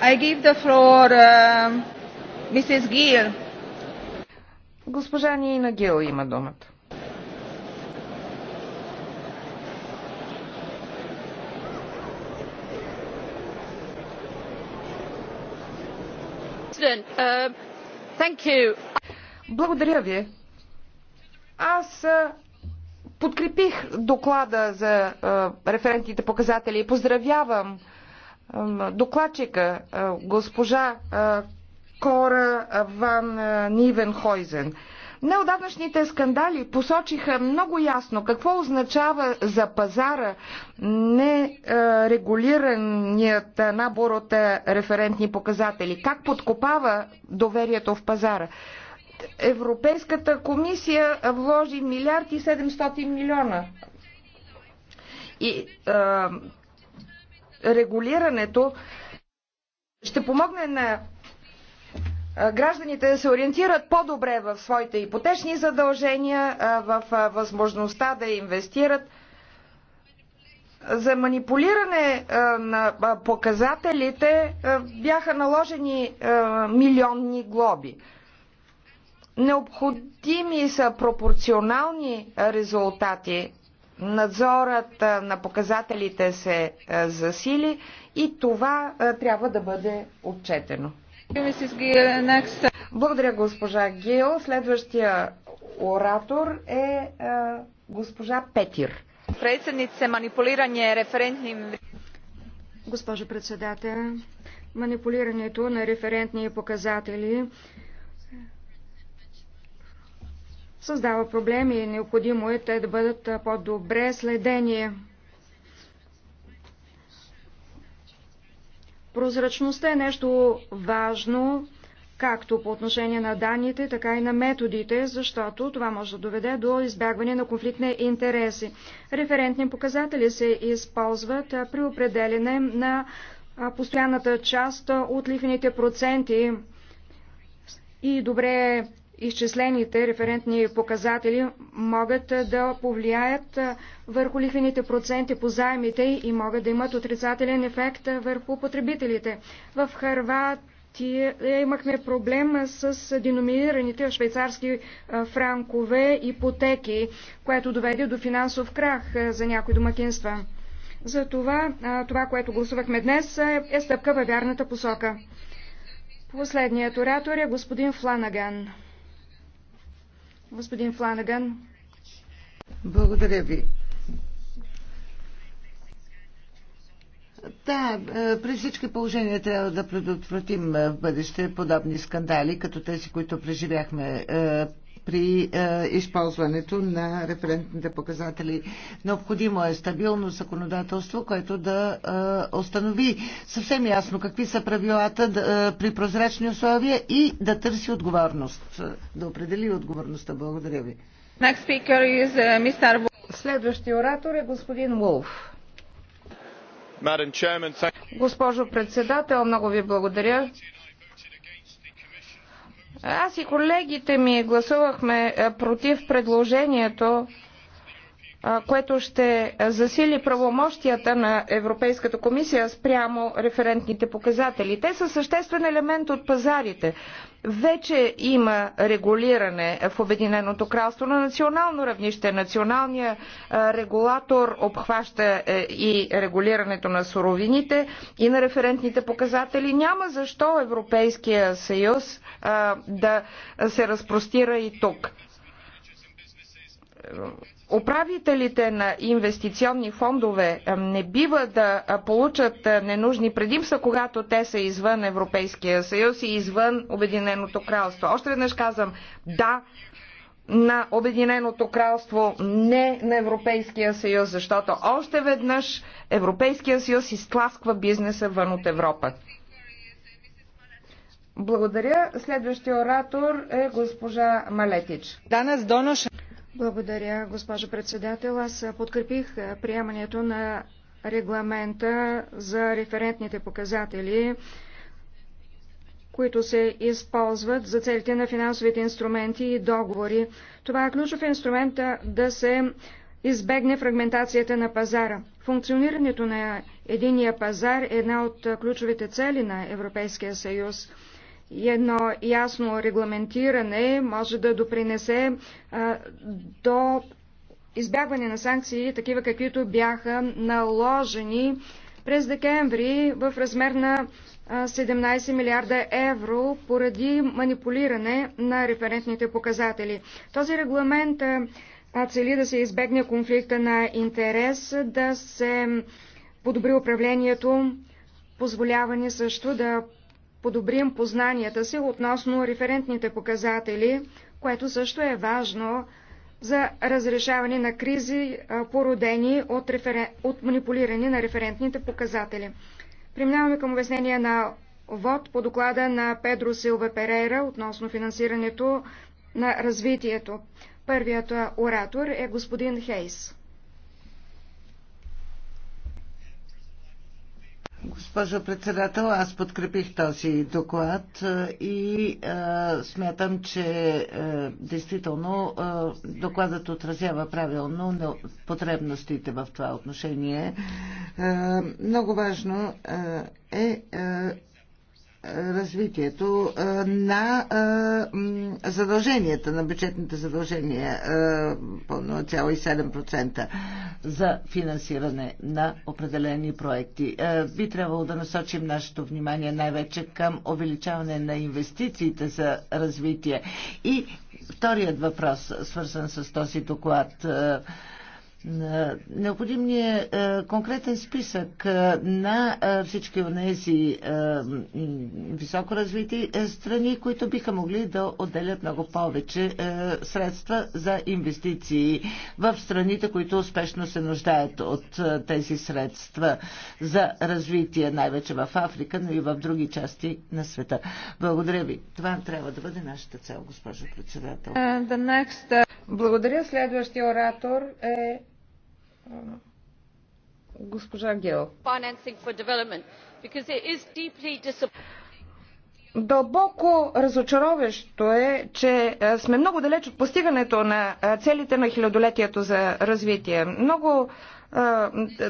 I give the floor uh, Mrs. Gill. Госпожа Нина Гил има думата. Uh, Благодаря ви. Аз подкрепих доклада за референтните показатели и поздравявам докладчика госпожа Кора Ван Нивенхойзен. Неодавнашните скандали посочиха много ясно какво означава за пазара нерегулираният набор от референтни показатели, как подкопава доверието в пазара. Европейската комисия вложи милиард и 700 милиона и регулирането ще помогне на гражданите да се ориентират по-добре в своите ипотечни задължения, в възможността да инвестират. За манипулиране на показателите бяха наложени милионни глоби. Необходими са пропорционални резултати надзорът на показателите се засили и това трябва да бъде отчетено. Благодаря, госпожа Гил. Следващия оратор е госпожа Петир. Председнице, манипулиране референтни... Госпожо председател, манипулирането на референтни показатели създава проблеми и необходимо е те да бъдат по-добре следени. Прозрачността е нещо важно, както по отношение на данните, така и на методите, защото това може да доведе до избягване на конфликтни интереси. Референтни показатели се използват при определене на постоянната част от лихвените проценти и добре е изчислените референтни показатели могат да повлияят върху лихвените проценти по заемите и могат да имат отрицателен ефект върху потребителите. В Харватия имахме проблем с деноминираните в швейцарски франкове ипотеки, което доведе до финансов крах за някои домакинства. Затова това, което гласувахме днес, е, е стъпка във вярната посока. Последният оратор е господин Фланаган. Господин Фланаган. Благодаря ви. Да, е, при всички положения трябва да предотвратим е, в бъдеще подобни скандали, като тези, които преживяхме е, при е, използването на референтните показатели. Необходимо е стабилно законодателство, което да е, установи съвсем ясно какви са правилата да, е, при прозрачни условия и да търси отговорност, е, да определи отговорността. Благодаря ви. Е, Следващия оратор е господин Волф. Госпожо председател, много ви благодаря. Аз и колегите ми гласувахме против предложението което ще засили правомощията на Европейската комисия спрямо референтните показатели. Те са съществен елемент от пазарите. Вече има регулиране в Обединеното кралство на национално равнище. Националният регулатор обхваща е, и регулирането на суровините и на референтните показатели. Няма защо Европейския съюз да се разпростира и тук управителите на инвестиционни фондове не бива да получат ненужни предимства, когато те са извън Европейския съюз и извън Обединеното кралство. Още веднъж казвам, да, на Обединеното кралство, не на Европейския съюз, защото още веднъж Европейския съюз изтласква бизнеса вън от Европа. Благодаря. Следващия оратор е госпожа Малетич. Данас доношен. Благодаря, госпожо председател. Аз подкрепих приемането на регламента за референтните показатели, които се използват за целите на финансовите инструменти и договори. Това е ключов инструмент да се избегне фрагментацията на пазара. Функционирането на единия пазар е една от ключовите цели на Европейския съюз едно ясно регламентиране може да допринесе до избягване на санкции, такива каквито бяха наложени през декември в размер на 17 милиарда евро поради манипулиране на референтните показатели. Този регламент цели да се избегне конфликта на интерес, да се подобри управлението, позволяване също да подобрим познанията си относно референтните показатели, което също е важно за разрешаване на кризи, породени от, референ... от манипулиране на референтните показатели. Преминаваме към обяснение на ВОД по доклада на Педро Силва Перейра относно финансирането на развитието. Първият оратор е господин Хейс. Госпожо председател, аз подкрепих този доклад и а, смятам, че а, действително а, докладът отразява правилно потребностите в това отношение. А, много важно а, е. А, развитието на задълженията, на бюджетните задължения по 0,7% за финансиране на определени проекти. Е, би трябвало да насочим нашето внимание най-вече към увеличаване на инвестициите за развитие. И вторият въпрос, свързан с този доклад е, Необходим ни е конкретен списък е, на е, всички от тези е, високо развити страни, които биха могли да отделят много повече средства за инвестиции в страните, които успешно се нуждаят от тези средства за развитие, най-вече в Африка, но и в други части на света. Благодаря ви. Това трябва да бъде нашата цел, госпожо председател. Благодаря. Следващия оратор е Госпожа Гел. Дълбоко разочароващо е, че сме много далеч от постигането на целите на хилядолетието за развитие. Много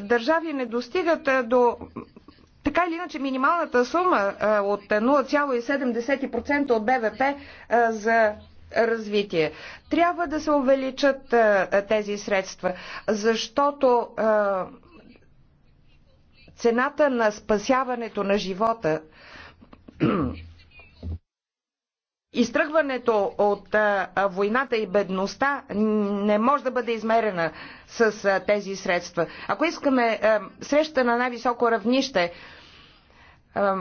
държави не достигат до така или иначе минималната сума от 0,7% от БВП за развитие. Трябва да се увеличат а, тези средства, защото а, цената на спасяването на живота, изтръгването от а, войната и бедността не може да бъде измерена с а, тези средства. Ако искаме а, среща на най-високо равнище, а,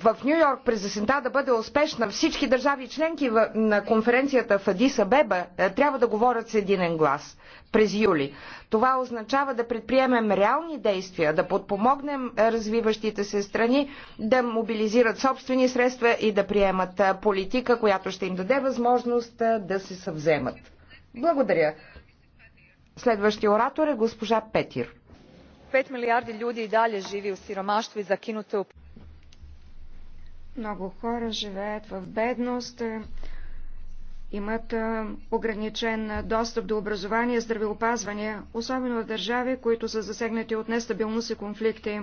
в Нью Йорк през есента да бъде успешна, всички държави членки на конференцията в Адиса Беба е, трябва да говорят с единен глас през юли. Това означава да предприемем реални действия, да подпомогнем е, развиващите се страни, да мобилизират собствени средства и да приемат е, политика, която ще им даде възможност да се съвземат. Благодаря. Следващия оратор е госпожа Петир. 5 милиарди люди и далее живи в сиромаштву и закинуто много хора живеят в бедност, е, имат е, ограничен е, достъп до образование, здравеопазване, особено в държави, които са засегнати от нестабилност и конфликти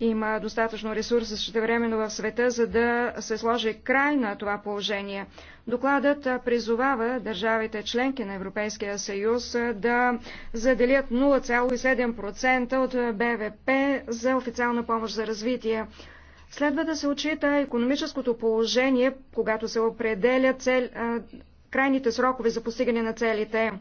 има достатъчно ресурси същевременно в света, за да се сложи край на това положение. Докладът призовава държавите членки на Европейския съюз да заделят 0,7% от БВП за официална помощ за развитие. Следва да се отчита економическото положение, когато се определят цел, крайните срокове за постигане на целите.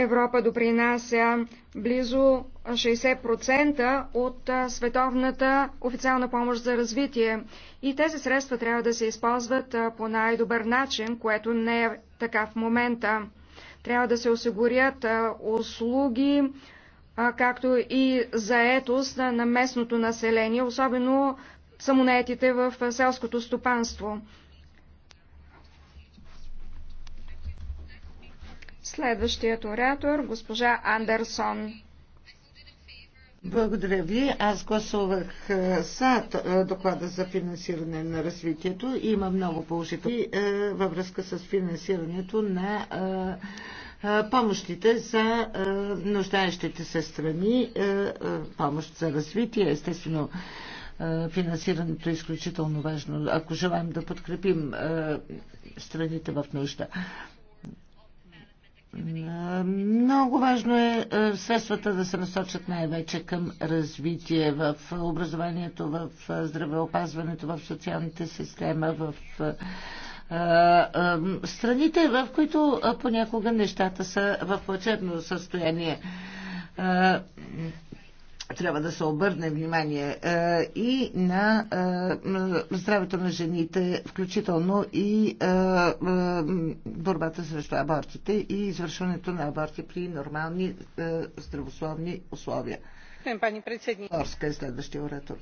Европа допринася близо 60% от световната официална помощ за развитие и тези средства трябва да се използват по най-добър начин, което не е така в момента. Трябва да се осигурят услуги, както и заетост на местното население, особено самонетите в селското стопанство. Следващият оратор, госпожа Андерсон. Благодаря ви. Аз гласувах е, за е, доклада за финансиране на развитието. Има много положителни е, във връзка с финансирането на помощите за нуждаещите се страни, помощ за развитие, естествено финансирането е изключително важно, ако желаем да подкрепим страните в нужда. Много важно е, е средствата да се насочат най-вече към развитие в образованието, в е, здравеопазването, в социалните система, в е, страните, в които понякога нещата са в плачебно състояние трябва да се обърне внимание е, и на е, здравето на жените, включително и е, борбата срещу абортите и извършването на аборти при нормални здравословни условия. Пани председник. Орска е следващия оратор.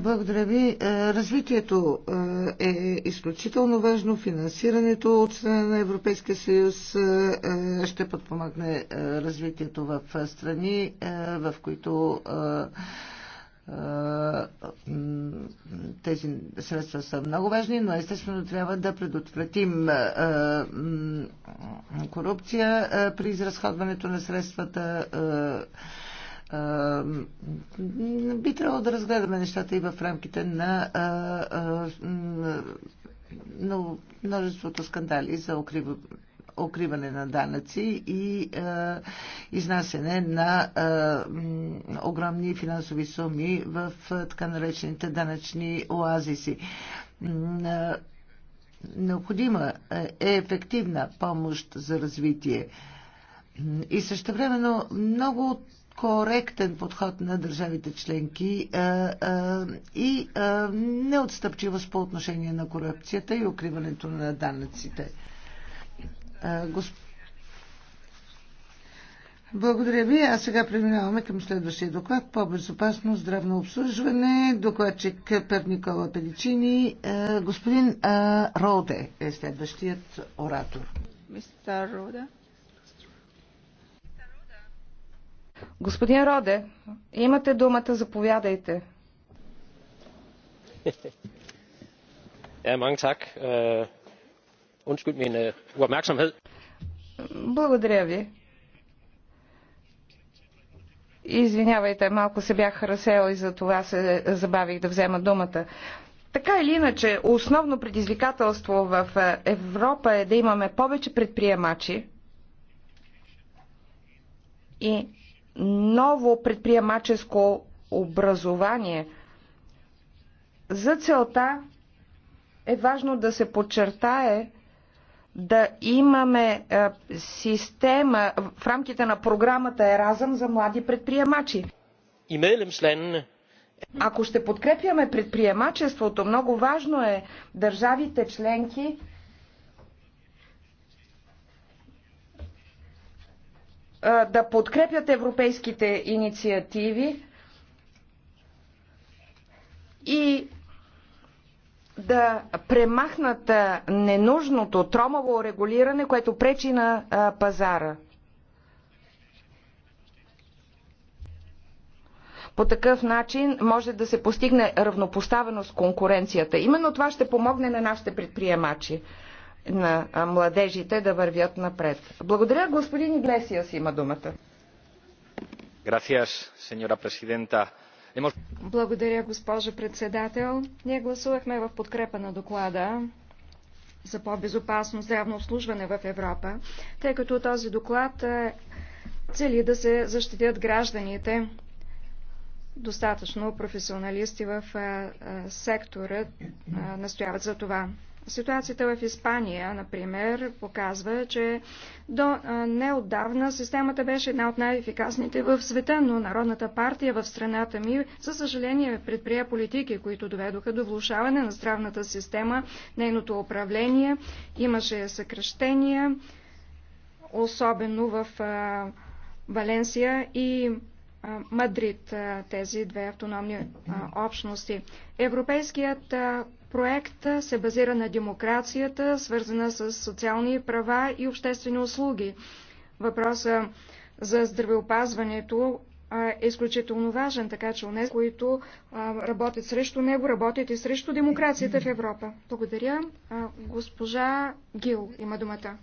Благодаря ви. Развитието е изключително важно. Финансирането от страна на Европейския съюз ще подпомогне развитието в страни, в които тези средства са много важни, но естествено трябва да предотвратим корупция при изразходването на средствата би трябвало да разгледаме нещата и в рамките на, на множеството скандали за укрива, укриване на данъци и изнасене на огромни финансови суми в така наречените данъчни оазиси. Необходима е ефективна помощ за развитие. И също времено много коректен подход на държавите членки е, е, и е, неотстъпчивост по отношение на корупцията и укриването на данъците. Благодаря ви. А сега преминаваме към следващия доклад. По-безопасно здравно обслужване. Докладчик Пер Никола Пеличини. Господин Роде е следващият оратор. Мистер Роде. Господин Роде, имате думата, заповядайте. Øh, øh, Благодаря ви. Извинявайте, малко се бях разсел и за това се забавих да взема думата. Така или иначе, основно предизвикателство в е, Европа е да имаме повече предприемачи и ново предприемаческо образование. За целта е важно да се подчертае, да имаме е, система в рамките на програмата Еразъм за млади предприемачи. Ако ще подкрепяме предприемачеството, много важно е държавите членки да подкрепят европейските инициативи и да премахнат ненужното тромаво регулиране, което пречи на пазара. По такъв начин може да се постигне равнопоставеност конкуренцията. Именно това ще помогне на нашите предприемачи на младежите да вървят напред. Благодаря, господин Иглесиас има думата. Благодаря, госпожо председател. Ние гласувахме в подкрепа на доклада за по-безопасно здравно обслужване в Европа, тъй като този доклад е, цели да се защитят гражданите. Достатъчно професионалисти в е, е, сектора настояват за това. Ситуацията в Испания, например, показва, че до неотдавна системата беше една от най-ефикасните в света, но Народната партия в страната ми, за съжаление, предприя политики, които доведоха до влушаване на здравната система, нейното управление. Имаше съкръщения, особено в Валенсия и Мадрид, тези две автономни общности. Европейският проект се базира на демокрацията, свързана с социални права и обществени услуги. Въпроса за здравеопазването е изключително важен, така че нези, които работят срещу него, работят и срещу демокрацията в Европа. Благодаря. Госпожа Гил има думата.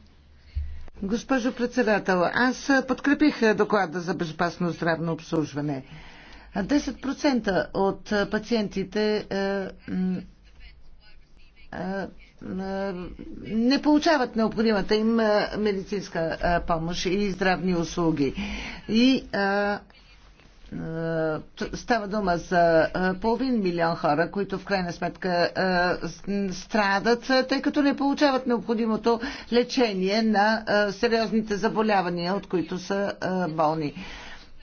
Госпожо председател, аз подкрепих доклада за безопасно здравно обслужване. 10% от пациентите е, не получават необходимата им медицинска помощ и здравни услуги. И става дума за половин милион хора, които в крайна сметка страдат, тъй като не получават необходимото лечение на сериозните заболявания, от които са болни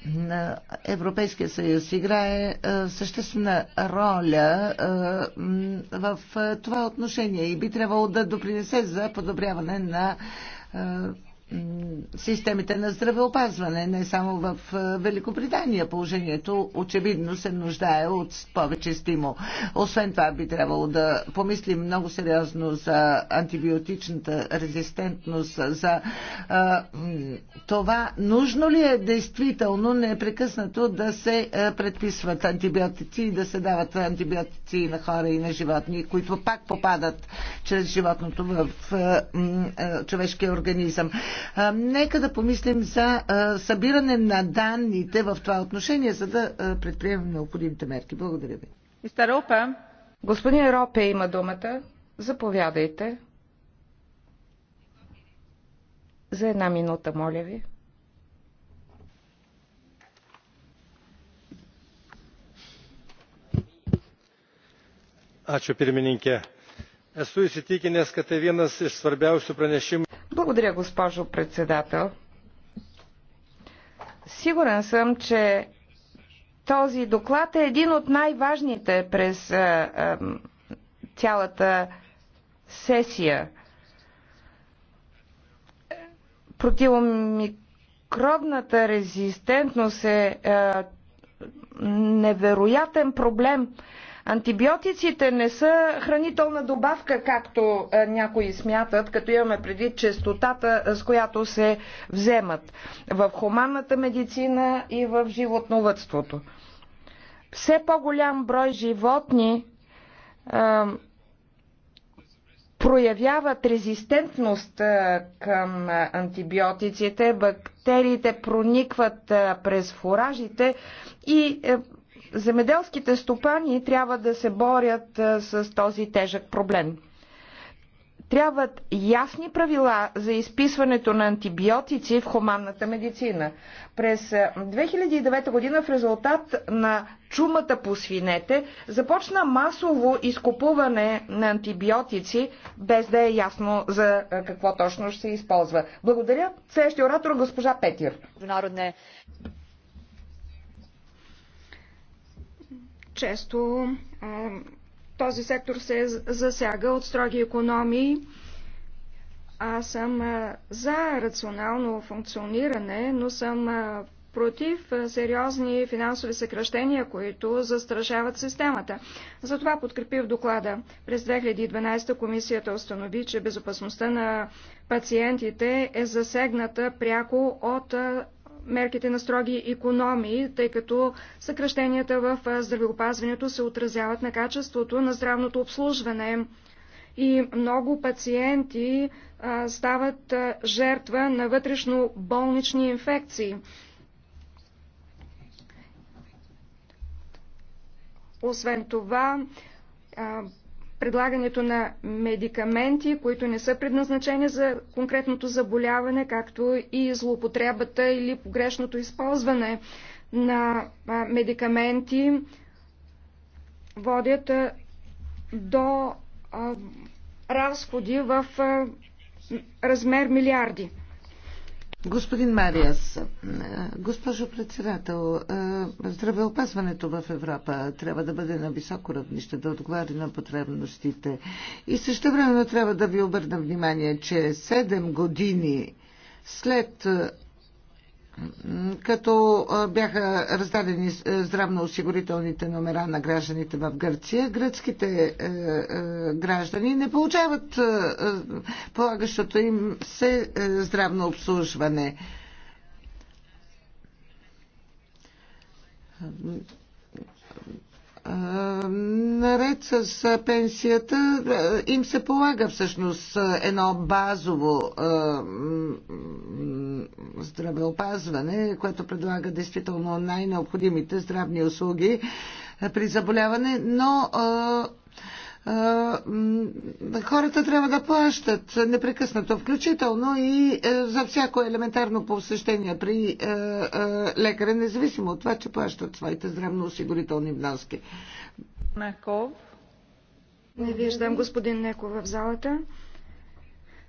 на Европейския съюз играе е, съществена роля е, в е, това отношение и би трябвало да допринесе за подобряване на системите на здравеопазване, не само в Великобритания. Положението очевидно се нуждае от повече стимул. Освен това би трябвало да помислим много сериозно за антибиотичната резистентност, за а, това нужно ли е действително непрекъснато да се предписват антибиотици и да се дават антибиотици на хора и на животни, които пак попадат чрез животното в а, а, човешкия организъм. Нека да помислим за събиране на данните в това отношение, за да предприемем необходимите мерки. Благодаря ви. Мистер Ропе. Господин Ропе има думата. Заповядайте. За една минута, моля ви. Ačiū pirmininkė Esu įsitikinęs, kad tai vienas iš svarbiausių pranešimų. Благодаря, госпожо председател. Сигурен съм, че този доклад е един от най-важните през а, е, а, е, цялата сесия. Противомикробната резистентност е а, е, невероятен проблем Антибиотиците не са хранителна добавка, както е, някои смятат, като имаме предвид честотата, с която се вземат в хуманната медицина и в животновътството. Все по-голям брой животни а, е, проявяват резистентност а, е, към антибиотиците, бактериите проникват а, през фуражите и Земеделските стопани трябва да се борят с този тежък проблем. Трябват ясни правила за изписването на антибиотици в хуманната медицина. През 2009 година в резултат на чумата по свинете започна масово изкупуване на антибиотици, без да е ясно за какво точно ще се използва. Благодаря. Следващия оратор госпожа Петир. Често този сектор се засяга от строги економии. Аз съм за рационално функциониране, но съм против сериозни финансови съкръщения, които застрашават системата. Затова подкрепих доклада. През 2012 комисията установи, че безопасността на пациентите е засегната пряко от мерките на строги економии, тъй като съкръщенията в здравеопазването се отразяват на качеството на здравното обслужване. И много пациенти а, стават а, жертва на вътрешно болнични инфекции. Освен това, а, предлагането на медикаменти, които не са предназначени за конкретното заболяване, както и злоупотребата или погрешното използване на медикаменти водят до разходи в размер милиарди. Господин Мариас, госпожо председател, е, здравеопазването в Европа трябва да бъде на високо равнище, да отговаря на потребностите. И също време трябва да ви обърна внимание, че 7 години след като бяха раздадени здравноосигурителните номера на гражданите в Гърция, гръцките е, е, граждани не получават е, полагащото им се здравно обслужване наред с пенсията им се полага всъщност едно базово здравеопазване, което предлага действително най-необходимите здравни услуги при заболяване, но хората трябва да плащат непрекъснато, включително и е, за всяко елементарно посещение при е, е, лекаря, независимо от това, че плащат своите здравноосигурителни вноски. Неков. Не виждам господин Неков в залата.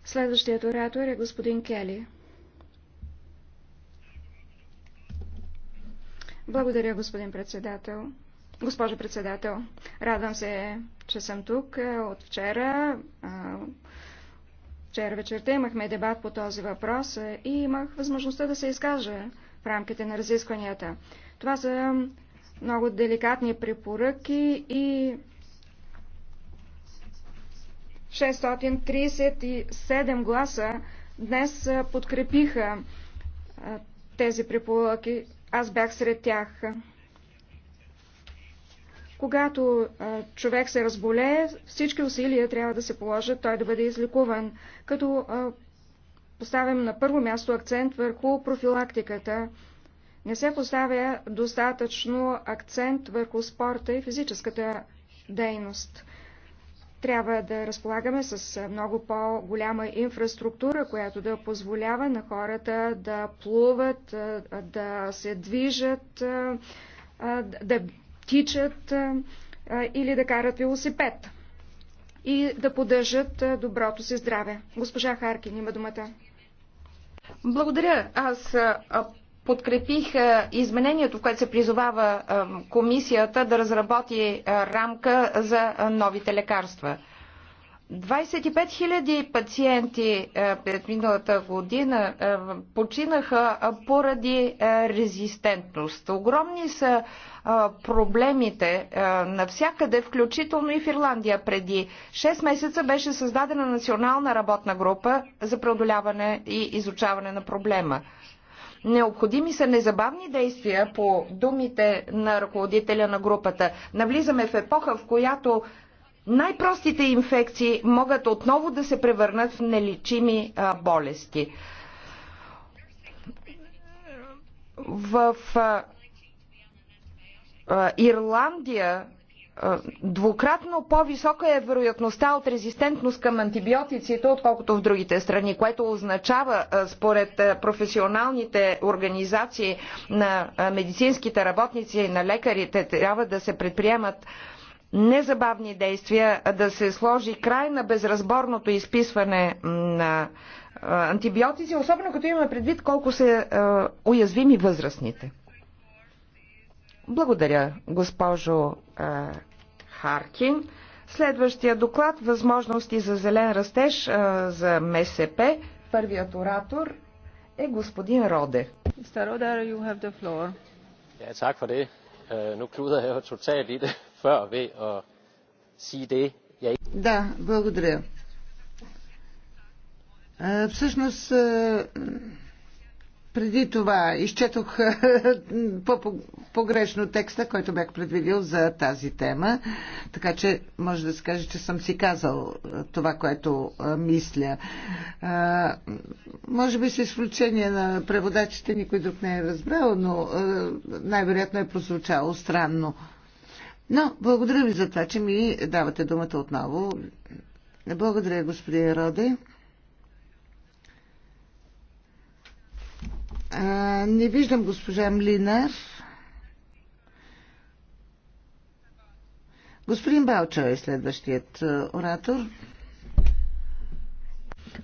Следващият оратор е господин Кели. Благодаря, господин председател. Госпожо председател, радвам се, че съм тук е, от вчера. Вчера вечерта имахме дебат по този въпрос е, и имах възможността да се изкажа в рамките на разискванията. Това са много деликатни препоръки и 637 гласа днес е, подкрепиха тези препоръки. Аз бях сред тях. Когато а, човек се разболее, всички усилия трябва да се положат той да бъде излекуван, като а, поставям на първо място акцент върху профилактиката. Не се поставя достатъчно акцент върху спорта и физическата дейност. Трябва да разполагаме с много по-голяма инфраструктура, която да позволява на хората да плуват, да се движат, да тичат или да карат велосипед и да поддържат доброто си здраве. Госпожа Харкин има думата. Благодаря. Аз подкрепих изменението, в което се призовава комисията да разработи рамка за новите лекарства. 25 000 пациенти е, пред миналата година е, починаха е, поради резистентност. Огромни са проблемите навсякъде, включително и в Ирландия. Преди 6 месеца беше създадена национална работна група за преодоляване и изучаване на проблема. Необходими са незабавни действия по думите на ръководителя на групата. Навлизаме в епоха, в която най-простите инфекции могат отново да се превърнат в нелечими болести. В Ирландия двукратно по-висока е вероятността от резистентност към антибиотиците, отколкото в другите страни, което означава, според професионалните организации на медицинските работници и на лекарите, трябва да се предприемат незабавни действия да се сложи край на безразборното изписване на антибиотици, особено като имаме предвид колко са уязвими възрастните. Благодаря, госпожо Харкин. Следващия доклад – възможности за зелен растеж за МСП. Първият оратор е господин Роде. Мистер Роде, you have the floor. Ja, tak for det. Øh, nu kluder jeg jo totalt i det før ved at sige det, jeg Да, благодаря. Всъщност, преди това изчетох по-погрешно текста, който бях предвидил за тази тема, така че може да се каже, че съм си казал това, което мисля. Може би с изключение на преводачите никой друг не е разбрал, но най-вероятно е прозвучало странно. Но благодаря ви за това, че ми давате думата отново. Благодаря, господин Роде. А, не виждам госпожа Млинар. Господин Балчо е следващият оратор.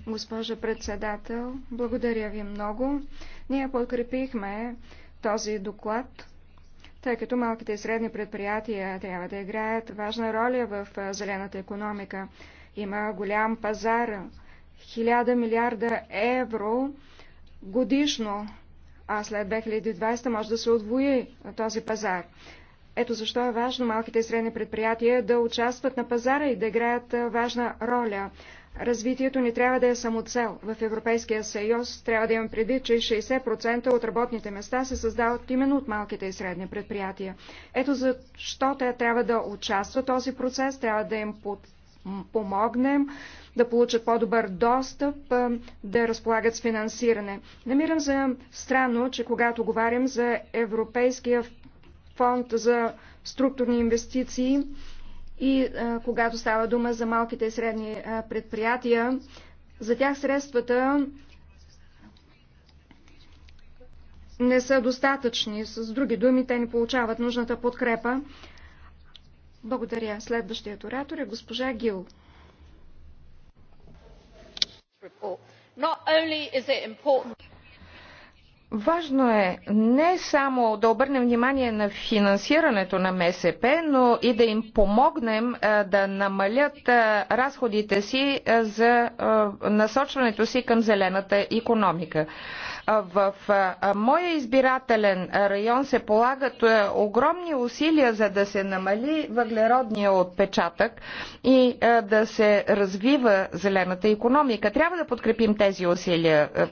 Госпожа председател, благодаря ви много. Ние подкрепихме този доклад тъй като малките и средни предприятия трябва да играят важна роля в зелената економика. Има голям пазар, хиляда милиарда евро годишно, а след 2020 може да се отвои този пазар. Ето защо е важно малките и средни предприятия да участват на пазара и да играят важна роля. Развитието ни трябва да е самоцел. В Европейския съюз трябва да имам преди, че 60% от работните места се създават именно от малките и средни предприятия. Ето защо те трябва да участват в този процес, трябва да им под помогнем да получат по-добър достъп, да разполагат с финансиране. Намирам за странно, че когато говорим за Европейския фонд за структурни инвестиции, и а, когато става дума за малките и средни а, предприятия, за тях средствата не са достатъчни. С други думи, те не получават нужната подкрепа. Благодаря. Следващият оратор е госпожа Гил. Важно е не само да обърнем внимание на финансирането на МСП, но и да им помогнем да намалят разходите си за насочването си към зелената економика. В моя избирателен район се полагат е, огромни усилия за да се намали въглеродния отпечатък и е, да се развива зелената економика. Трябва да подкрепим тези усилия. Е,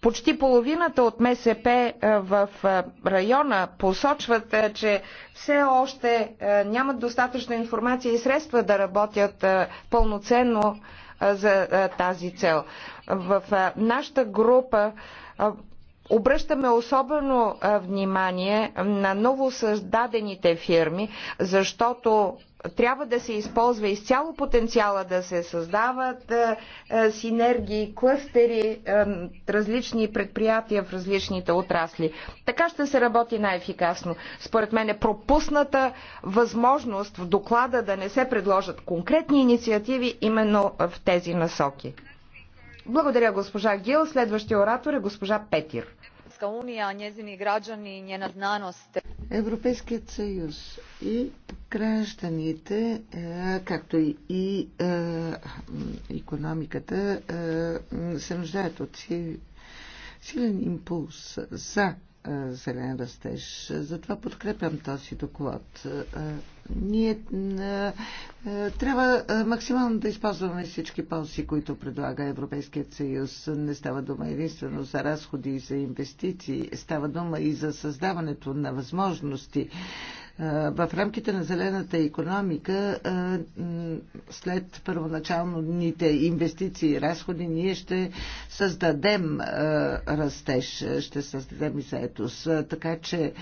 почти половината от МСП в района посочват, че все още нямат достатъчно информация и средства да работят пълноценно за тази цел. В нашата група Обръщаме особено внимание на новосъздадените фирми, защото трябва да се използва изцяло потенциала да се създават синергии, клъстери, различни предприятия в различните отрасли. Така ще се работи най-ефикасно. Според мен е пропусната възможност в доклада да не се предложат конкретни инициативи именно в тези насоки. Благодаря, госпожа Гил. Следващия оратор е госпожа Петир. Европейският съюз и гражданите, е, както и економиката, е, се нуждаят от силен импулс за е, зелен растеж. Затова подкрепям този доклад. Е, ние е, трябва максимално да използваме всички ползи, които предлага Европейският съюз. Не става дума единствено за разходи и за инвестиции. Става дума и за създаването на възможности в рамките на зелената економика след първоначалните инвестиции и разходи ние ще създадем растеж, ще създадем и заетост. Така че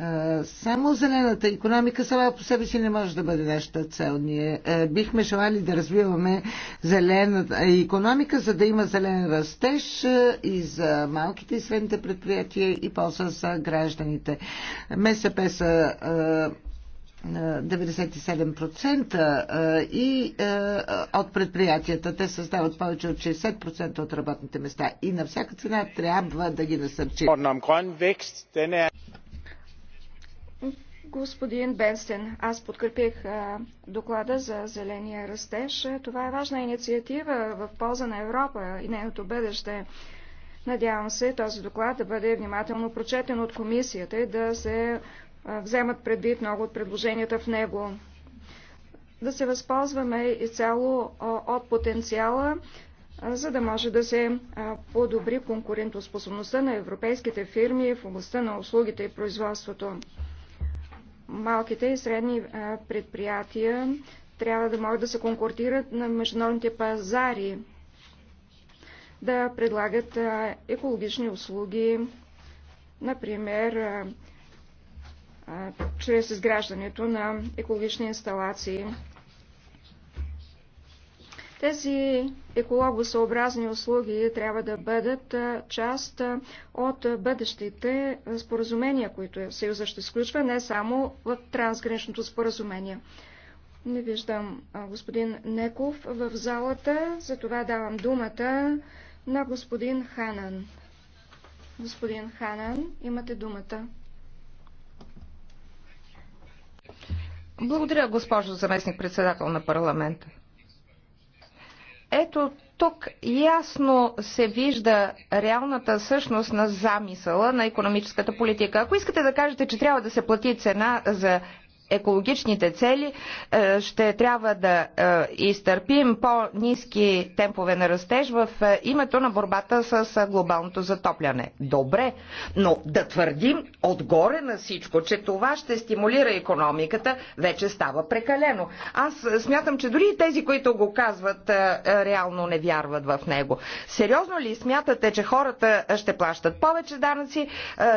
е, само зелената економика сама по себе си не може да бъде нашата цел. Ние е, бихме желали да развиваме зелената економика, за да има зелен растеж е, и за малките и средните предприятия и полза за гражданите. МСП са 97% и от предприятията. Те създават повече от 60% от работните места и на всяка цена трябва да ги насърчим. Господин Бенстен, аз подкрепих доклада за зеления растеж. Това е важна инициатива в полза на Европа и нейното бъдеще. Надявам се този доклад да бъде внимателно прочетен от комисията и да се вземат предвид много от предложенията в него. Да се възползваме изцяло от потенциала, за да може да се подобри конкурентоспособността на европейските фирми в областта на услугите и производството малките и средни предприятия трябва да могат да се конкуртират на международните пазари, да предлагат екологични услуги, например, чрез изграждането на екологични инсталации. Тези екологосъобразни услуги трябва да бъдат част от бъдещите споразумения, които Съюза ще сключва, не само в трансграничното споразумение. Не виждам господин Неков в залата, затова давам думата на господин Ханан. Господин Ханан, имате думата. Благодаря, госпожо заместник председател на парламента. Ето тук ясно се вижда реалната същност на замисъла на економическата политика. Ако искате да кажете, че трябва да се плати цена за екологичните цели, е, ще трябва да е, изтърпим по-низки темпове на растеж в е, името на борбата с глобалното затопляне. Добре, но да твърдим отгоре на всичко, че това ще стимулира економиката, вече става прекалено. Аз смятам, че дори и тези, които го казват, реално не вярват в него. Сериозно ли смятате, че хората ще плащат повече данъци,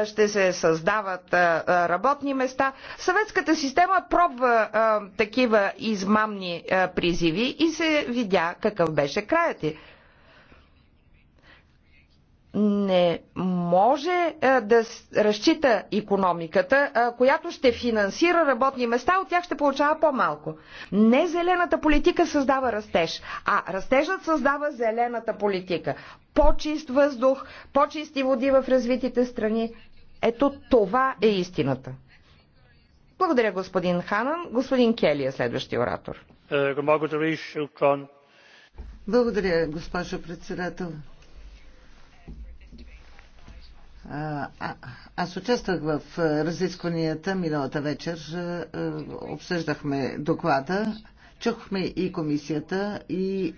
ще се създават работни места? Съветската система Система пробва а, такива измамни а, призиви и се видя какъв беше краят ти. Не може а, да разчита економиката, а, която ще финансира работни места, от тях ще получава по-малко. Не зелената политика създава растеж, а растежът създава зелената политика. По-чист въздух, по-чисти води в развитите страни. Ето това е истината. Благодаря, господин Ханан. Господин Кели е следващия оратор. Благодаря, госпожо председател. аз участвах в разискванията миналата вечер. Обсъждахме доклада, чухме и комисията, и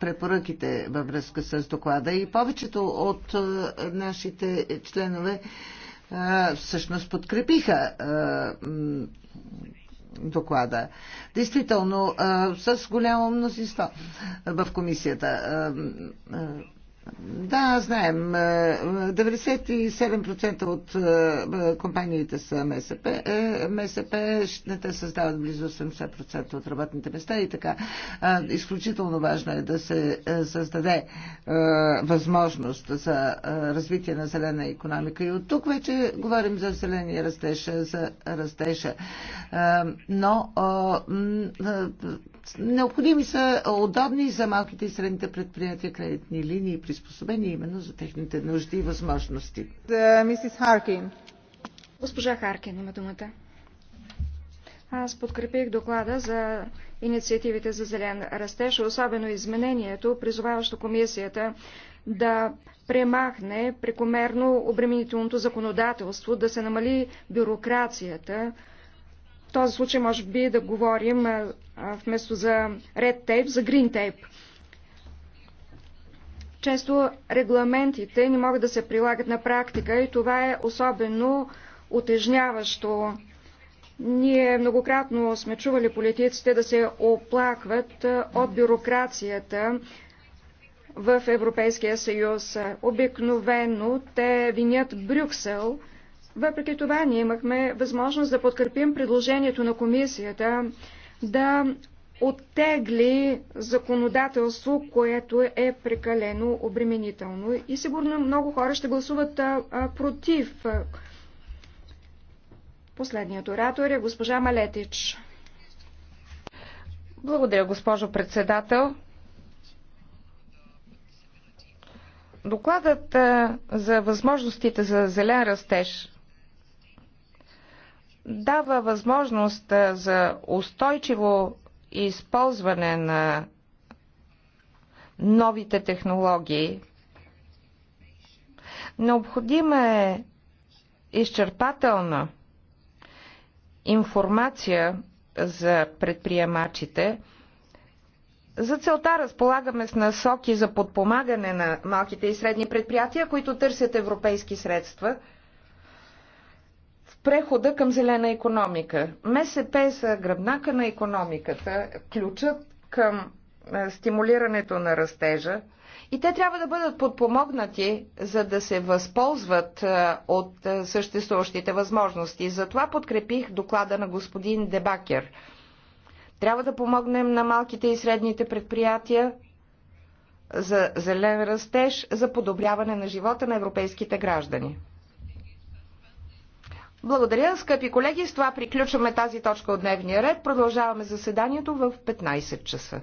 препоръките във връзка с доклада. И повечето от нашите членове всъщност подкрепиха доклада. Действително, с голямо мнозинство в комисията. Да, знаем. 97% е, от е, компаниите са МСП. Е, МСП те създават близо 80% от работните места и така. Изключително важно е да се създаде възможност за развитие на зелена економика. И от тук вече говорим за зеления растеж, за растежа. Но Необходими са удобни за малките и средните предприятия кредитни линии, приспособени именно за техните нужди и възможности. Мисис Харкин. Госпожа Харкин има думата. Аз подкрепих доклада за инициативите за зелен растеж, особено изменението, призоваващо комисията да премахне прекомерно обременителното законодателство, да се намали бюрокрацията. В този случай може би да говорим вместо за ред тейп, за грин тейп. Често регламентите не могат да се прилагат на практика и това е особено отежняващо. Ние многократно сме чували политиците да се оплакват от бюрокрацията в Европейския съюз. Обикновено те винят Брюксел. Въпреки това ние имахме възможност да подкрепим предложението на комисията да оттегли законодателство, което е прекалено обременително. И сигурно много хора ще гласуват а, а, против. Последният оратор е госпожа Малетич. Благодаря, госпожо председател. Докладът за възможностите за зелен растеж дава възможност за устойчиво използване на новите технологии. Необходима е изчерпателна информация за предприемачите. За целта разполагаме с насоки за подпомагане на малките и средни предприятия, които търсят европейски средства – прехода към зелена економика. МСП са гръбнака на економиката, ключът към е, стимулирането на растежа и те трябва да бъдат подпомогнати, за да се възползват е, от е, съществуващите възможности. Затова подкрепих доклада на господин Дебакер. Трябва да помогнем на малките и средните предприятия за зелен растеж, за подобряване на живота на европейските граждани. Благодаря, скъпи колеги. С това приключваме тази точка от дневния ред. Продължаваме заседанието в 15 часа.